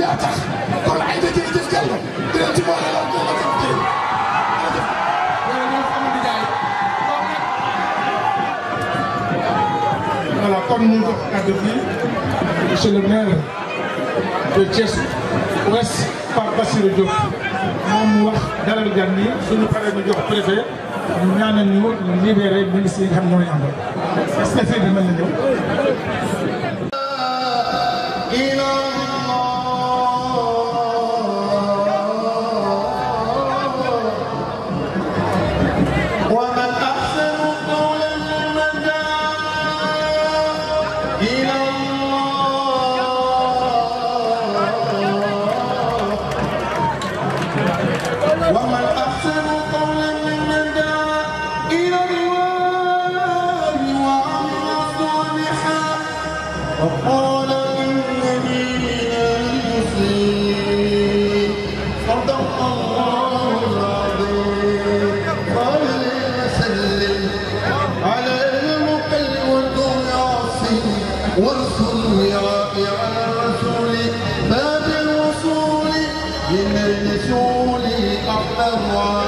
yaa tax soxla ay dëkk yu jëf di leen ci boole lool di leen def dégg nga. voilà comme ñu jox kàddu gi monsieur le maire de Thiès Ouest Pape Bassirou Diop moom mu wax dalal gan yi suñu paree ñu jox préfet ñu ñaanal ñu libéré ministre yi nga xam ñoo ñu àndal est-ce que fii dina la ñëw. Oh,